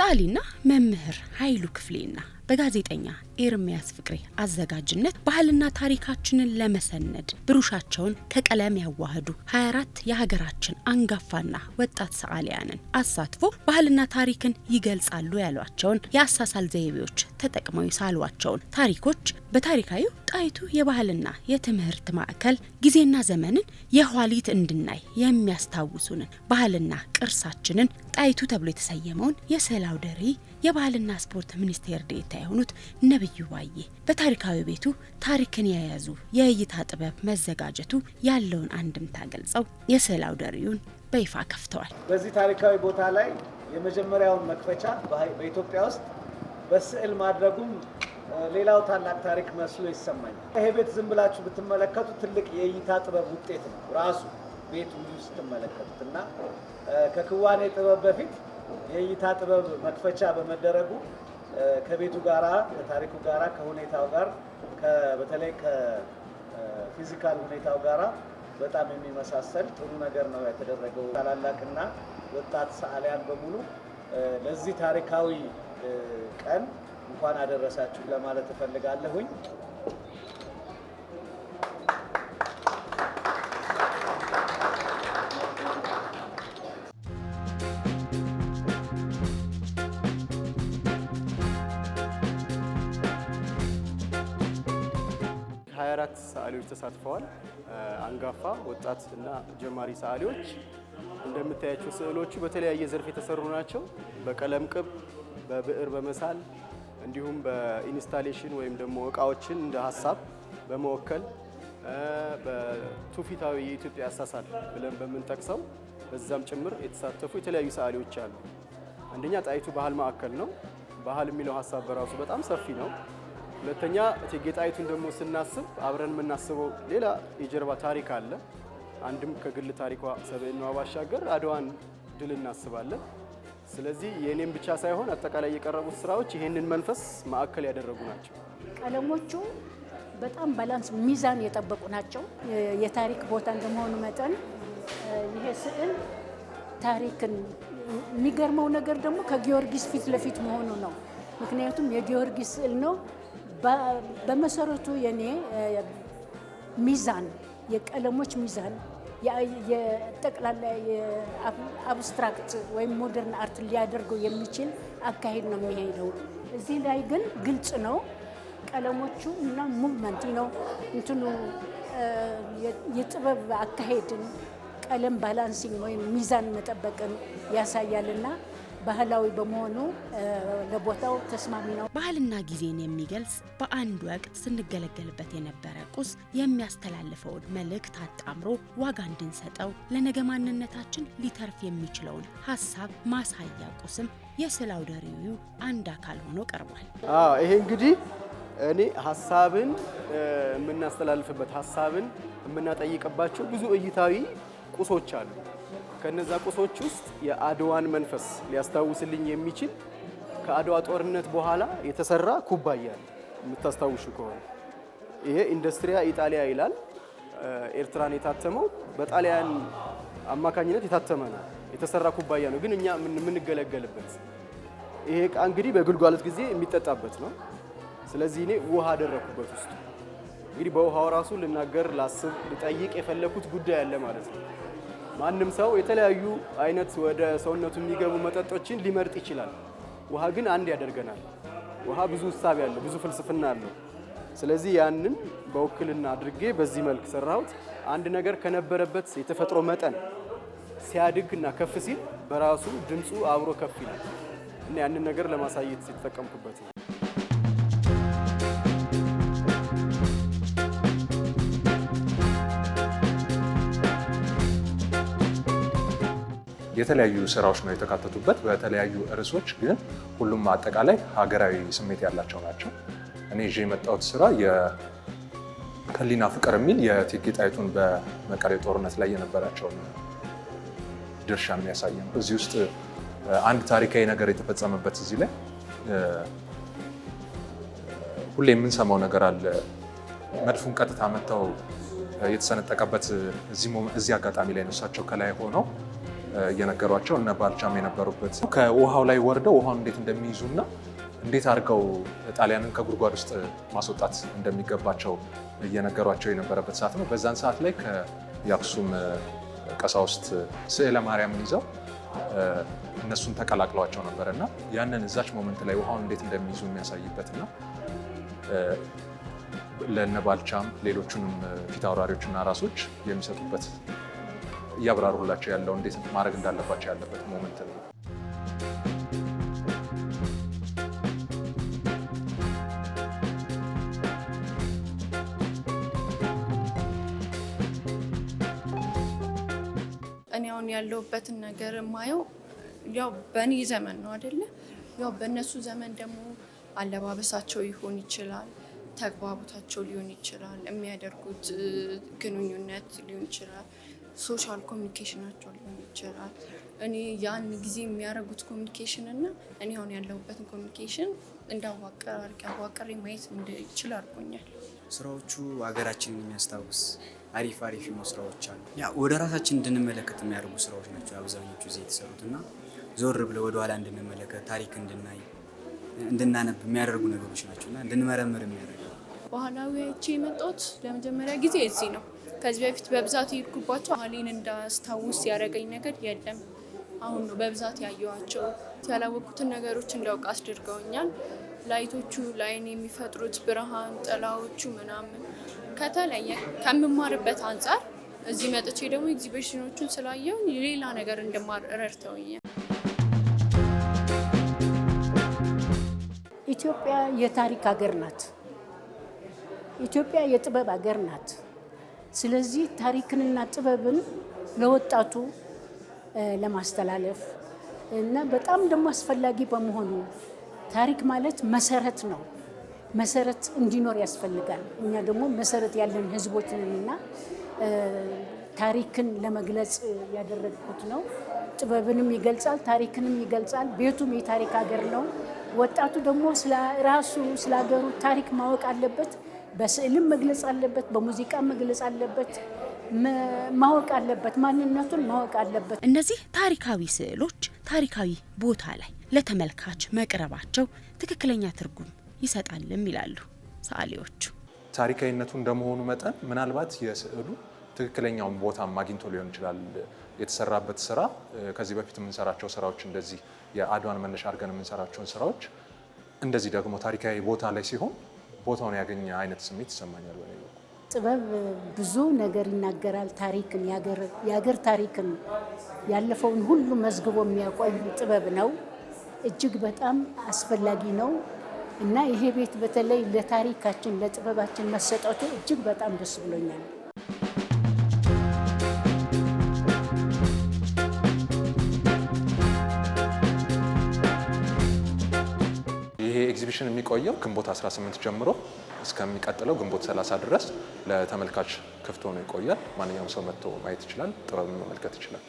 ሰዓሊና መምህር ኃይሉ ክፍሌና በጋዜጠኛ ኤርሚያስ ፍቅሬ አዘጋጅነት ባህልና ታሪካችንን ለመሰነድ ብሩሻቸውን ከቀለም ያዋህዱ 24 የሀገራችን አንጋፋና ወጣት ሰዓሊያንን አሳትፎ ባህልና ታሪክን ይገልጻሉ ያሏቸውን የአሳሳል ዘይቤዎች ተጠቅመው የሳሏቸውን ታሪኮች በታሪካዊ ጣይቱ የባህልና የትምህርት ማዕከል ጊዜና ዘመንን የኋሊት እንድናይ የሚያስታውሱንን ባህልና ቅርሳችንን ጣይቱ ተብሎ የተሰየመውን የስዕል አውደ ርዕይ የባህልና ስፖርት ሚኒስቴር ዴታ የሆኑት ነብዩ ባዬ በታሪካዊ ቤቱ ታሪክን የያዙ የእይታ ጥበብ መዘጋጀቱ ያለውን አንድምታ ገልጸው የስዕል አውደ ርዕዩን በይፋ ከፍተዋል። በዚህ ታሪካዊ ቦታ ላይ የመጀመሪያውን መክፈቻ በኢትዮጵያ ውስጥ በስዕል ማድረጉም ሌላው ታላቅ ታሪክ መስሎ ይሰማኛል። ይሄ ቤት ዝም ብላችሁ ብትመለከቱ ትልቅ የእይታ ጥበብ ውጤት ነው ራሱ ቤቱ ስትመለከቱት እና ከክዋኔ ጥበብ በፊት የእይታ ጥበብ መክፈቻ በመደረጉ ከቤቱ ጋራ ከታሪኩ ጋራ ከሁኔታው ጋር በተለይ ከፊዚካል ሁኔታው ጋራ በጣም የሚመሳሰል ጥሩ ነገር ነው የተደረገው። ታላላቅና ወጣት ሰዓሊያን በሙሉ ለዚህ ታሪካዊ ቀን እንኳን አደረሳችሁ ለማለት እፈልጋለሁኝ። 24 ሰዓሊዎች ተሳትፈዋል። አንጋፋ ወጣት እና ጀማሪ ሰዓሊዎች እንደምታያቸው ስዕሎቹ በተለያየ ዘርፍ የተሰሩ ናቸው። በቀለም ቅብ፣ በብዕር በመሳል እንዲሁም በኢንስታሌሽን ወይም ደግሞ እቃዎችን እንደ ሀሳብ በመወከል በትውፊታዊ የኢትዮጵያ አሳሳል ብለን በምንጠቅሰው በዛም ጭምር የተሳተፉ የተለያዩ ሰዓሊዎች አሉ። አንደኛ ጣይቱ ባህል ማዕከል ነው። ባህል የሚለው ሀሳብ በራሱ በጣም ሰፊ ነው። ሁለተኛ እቴጌ ጣይቱን ደግሞ ስናስብ አብረን የምናስበው ሌላ የጀርባ ታሪክ አለ። አንድም ከግል ታሪኳ ሰብዕናዋ ባሻገር አድዋን ድል እናስባለን። ስለዚህ የእኔም ብቻ ሳይሆን አጠቃላይ የቀረቡት ስራዎች ይህንን መንፈስ ማዕከል ያደረጉ ናቸው። ቀለሞቹ በጣም ባላንስ ሚዛን የጠበቁ ናቸው። የታሪክ ቦታ እንደመሆኑ መጠን ይሄ ስዕል ታሪክን የሚገርመው ነገር ደግሞ ከጊዮርጊስ ፊት ለፊት መሆኑ ነው። ምክንያቱም የጊዮርጊስ ስዕል ነው። በመሰረቱ የኔ ሚዛን የቀለሞች ሚዛን የጠቅላላ አብስትራክት ወይም ሞደርን አርት ሊያደርገው የሚችል አካሄድ ነው የሚሄደው። እዚህ ላይ ግን ግልጽ ነው ቀለሞቹ እና ሙቭመንት ነው እንትኑ የጥበብ አካሄድን ቀለም ባላንሲንግ ወይም ሚዛን መጠበቅን ያሳያልና ባህላዊ በመሆኑ ለቦታው ተስማሚ ነው። ባህልና ጊዜን የሚገልጽ በአንድ ወቅት ስንገለገልበት የነበረ ቁስ የሚያስተላልፈውን መልእክት አጣምሮ ዋጋ እንድንሰጠው ለነገ ማንነታችን ሊተርፍ የሚችለውን ሀሳብ ማሳያ ቁስም የስዕል አውደ ርዕዩ አንድ አካል ሆኖ ቀርቧል። ይሄ እንግዲህ እኔ ሀሳብን የምናስተላልፍበት ሀሳብን የምናጠይቅባቸው ብዙ እይታዊ ቁሶች አሉ። ከነዛ ቁሶች ውስጥ የአድዋን መንፈስ ሊያስታውስልኝ የሚችል ከአድዋ ጦርነት በኋላ የተሰራ ኩባያ አለ። የምታስታውሹ ከሆነ ይሄ ኢንዱስትሪያ ኢጣሊያ ይላል። ኤርትራን የታተመው በጣሊያን አማካኝነት የታተመ ነው። የተሰራ ኩባያ ነው፣ ግን እኛ የምንገለገልበት ይሄ እቃ እንግዲህ በግልጓለት ጊዜ የሚጠጣበት ነው። ስለዚህ እኔ ውሃ አደረግኩበት ውስጥ እንግዲህ በውሃው ራሱ ልናገር፣ ላስብ፣ ልጠይቅ የፈለኩት ጉዳይ አለ ማለት ነው። ማንም ሰው የተለያዩ አይነት ወደ ሰውነቱ የሚገቡ መጠጦችን ሊመርጥ ይችላል። ውሃ ግን አንድ ያደርገናል። ውሃ ብዙ እሳቤ አለው፣ ብዙ ፍልስፍና አለው። ስለዚህ ያንን በውክልና አድርጌ በዚህ መልክ ሰራሁት። አንድ ነገር ከነበረበት የተፈጥሮ መጠን ሲያድግ እና ከፍ ሲል በራሱ ድምፁ አብሮ ከፍ ይላል እና ያንን ነገር ለማሳየት የተጠቀምኩበት ነው። የተለያዩ ስራዎች ነው የተካተቱበት። በተለያዩ ርዕሶች ግን ሁሉም አጠቃላይ ሀገራዊ ስሜት ያላቸው ናቸው። እኔ ይዤ የመጣሁት ስራ የህሊና ፍቅር የሚል የእቴጌ ጣይቱን በመቀሌ ጦርነት ላይ የነበራቸውን ድርሻ የሚያሳይ ነው። እዚህ ውስጥ አንድ ታሪካዊ ነገር የተፈጸመበት እዚህ ላይ ሁሌ የምንሰማው ነገር አለ። መድፉን ቀጥታ መጥተው የተሰነጠቀበት እዚህ አጋጣሚ ላይ ነው። እሳቸው ከላይ ሆነው እየነገሯቸው እነ ባልቻም የነበሩበት ከውሃው ላይ ወርደው ውሃውን እንዴት እንደሚይዙ እና እንዴት አድርገው ጣሊያንን ከጉድጓድ ውስጥ ማስወጣት እንደሚገባቸው እየነገሯቸው የነበረበት ሰዓት ነው። በዛን ሰዓት ላይ የአክሱም ቀሳውስት ስዕለ ማርያምን ይዘው እነሱን ተቀላቅለዋቸው ነበር እና ያንን እዛች ሞመንት ላይ ውሃውን እንዴት እንደሚይዙ የሚያሳይበት እና ለነ ባልቻም ሌሎቹንም ፊት አውራሪዎችና ራሶች የሚሰጡበት እያብራሩላቸው ያለው እንዴት ማድረግ እንዳለባቸው ያለበት ሞመንት ነው። እኔ አሁን ያለሁበትን ነገር የማየው ያው በእኔ ዘመን ነው አይደለ? ያው በእነሱ ዘመን ደግሞ አለባበሳቸው ሊሆን ይችላል፣ ተግባቦታቸው ሊሆን ይችላል፣ የሚያደርጉት ግንኙነት ሊሆን ይችላል ሶሻል ኮሚኒኬሽናቸው ሊሆን ይችላል። እኔ ያን ጊዜ የሚያደርጉት ኮሚኒኬሽን እና እኔ አሁን ያለሁበትን ኮሚኒኬሽን እንዳዋቀር አድርጌ አዋቀሬ ማየት እንድችል አድርጎኛል። ስራዎቹ ሀገራችንን የሚያስታውስ አሪፍ አሪፍ የሆኑ ስራዎች አሉ። ያ ወደ ራሳችን እንድንመለከት የሚያደርጉ ስራዎች ናቸው አብዛኞቹ እዚህ የተሰሩት እና ዞር ብለ ወደ ኋላ እንድንመለከት ታሪክ እንድናይ እንድናነብ የሚያደርጉ ነገሮች ናቸው እና እንድንመረምር የሚያደርጉ ባህላዊ አይቼ የመጣሁት ለመጀመሪያ ጊዜ እዚህ ነው። ከዚህ በፊት በብዛት ይጉባቸው አሌን እንዳስታውስ ያደረገኝ ነገር የለም። አሁን ነው በብዛት ያየዋቸው። ያላወቅኩትን ነገሮች እንዳውቅ አስደርገውኛል። ላይቶቹ ላይን የሚፈጥሩት ብርሃን፣ ጥላዎቹ ምናምን ከተለየ ከምማርበት አንጻር እዚህ መጥቼ ደግሞ ኤግዚቢሽኖቹን ስላየው ሌላ ነገር እንድማር ረድተውኛል። ኢትዮጵያ የታሪክ ሀገር ናት። ኢትዮጵያ የጥበብ ሀገር ናት። ስለዚህ ታሪክንና ጥበብን ለወጣቱ ለማስተላለፍ እና በጣም ደግሞ አስፈላጊ በመሆኑ ታሪክ ማለት መሰረት ነው። መሰረት እንዲኖር ያስፈልጋል። እኛ ደግሞ መሰረት ያለን ህዝቦችንና ታሪክን ለመግለጽ ያደረግኩት ነው። ጥበብንም ይገልጻል፣ ታሪክንም ይገልጻል። ቤቱም የታሪክ ሀገር ነው። ወጣቱ ደግሞ ስለራሱ ስለ ሀገሩ ታሪክ ማወቅ አለበት። በስዕልም መግለጽ አለበት፣ በሙዚቃ መግለጽ አለበት። ማወቅ አለበት፣ ማንነቱን ማወቅ አለበት። እነዚህ ታሪካዊ ስዕሎች ታሪካዊ ቦታ ላይ ለተመልካች መቅረባቸው ትክክለኛ ትርጉም ይሰጣልም ይላሉ ሰዓሊዎቹ። ታሪካዊነቱ እንደመሆኑ መጠን ምናልባት የስዕሉ ትክክለኛውን ቦታ አግኝቶ ሊሆን ይችላል የተሰራበት ስራ። ከዚህ በፊት የምንሰራቸው ስራዎች እንደዚህ የአድዋን መነሻ አድርገን የምንሰራቸውን ስራዎች እንደዚህ ደግሞ ታሪካዊ ቦታ ላይ ሲሆን ቦታውን ያገኘ አይነት ስሜት ይሰማኛል። በ ጥበብ ብዙ ነገር ይናገራል። ታሪክን የሀገር ታሪክን ያለፈውን ሁሉ መዝግቦ የሚያቆይ ጥበብ ነው። እጅግ በጣም አስፈላጊ ነው እና ይሄ ቤት በተለይ ለታሪካችን ለጥበባችን መሰጠቱ እጅግ በጣም ደስ ብሎኛል። ኤግዚቢሽን የሚቆየው ግንቦት 18 ጀምሮ እስከሚቀጥለው ግንቦት 30 ድረስ ለተመልካች ክፍት ሆኖ ይቆያል። ማንኛውም ሰው መጥቶ ማየት ይችላል፣ ጥበብን መመልከት ይችላል።